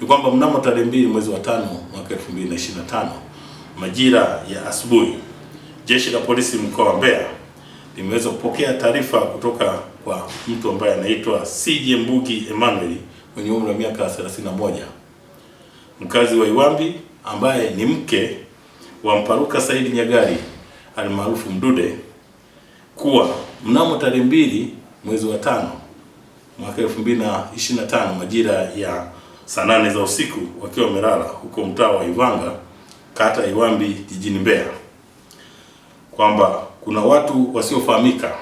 ni kwamba mnamo tarehe mbili mwezi wa tano mwaka 2025 majira ya asubuhi, jeshi la polisi mkoa wa Mbeya limeweza kupokea taarifa kutoka kwa mtu ambaye anaitwa CJ Mbugi Emmanuel mwenye umri wa miaka 31 mkazi wa Iwambi ambaye ni mke wa mparuka Saidi Nyagari almaarufu Mdude kuwa mnamo tarehe mbili mwezi wa tano mwaka 2025 majira ya saa nane za usiku wakiwa wamelala huko mtaa wa Ivanga kata Iwambi jijini Mbeya, kwamba kuna watu wasiofahamika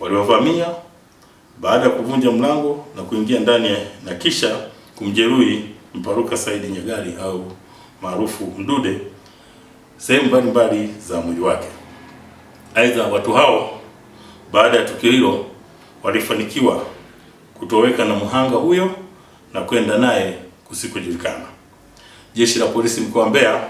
waliovamia baada ya kuvunja mlango na kuingia ndani na kisha kumjeruhi Mparuka Saidi Nyagali au maarufu Mdude sehemu mbalimbali za mwili wake. Aidha, watu hao baada ya tukio hilo walifanikiwa kutoweka na mhanga huyo na kwenda naye kusikujulikana. Jeshi la polisi mkoa wa Mbeya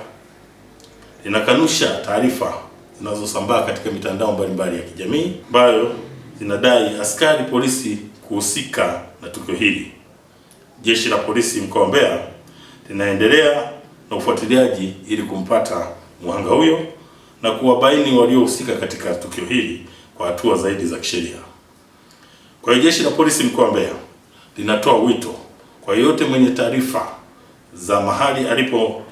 linakanusha taarifa zinazosambaa katika mitandao mbalimbali ya kijamii ambayo zinadai askari polisi kuhusika na tukio hili. Jeshi la polisi mkoa wa Mbeya linaendelea na ufuatiliaji ili kumpata mhanga huyo na kuwabaini waliohusika katika tukio hili kwa hatua zaidi za kisheria. Kwa hiyo jeshi la polisi mkoa wa Mbeya linatoa wito kwa yote mwenye taarifa za mahali alipo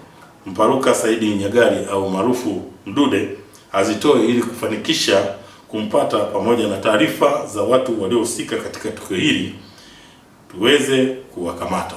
Mparuka Saidi Nyagali au maarufu Mdude azitoe ili kufanikisha kumpata, pamoja na taarifa za watu waliohusika katika tukio hili tuweze kuwakamata.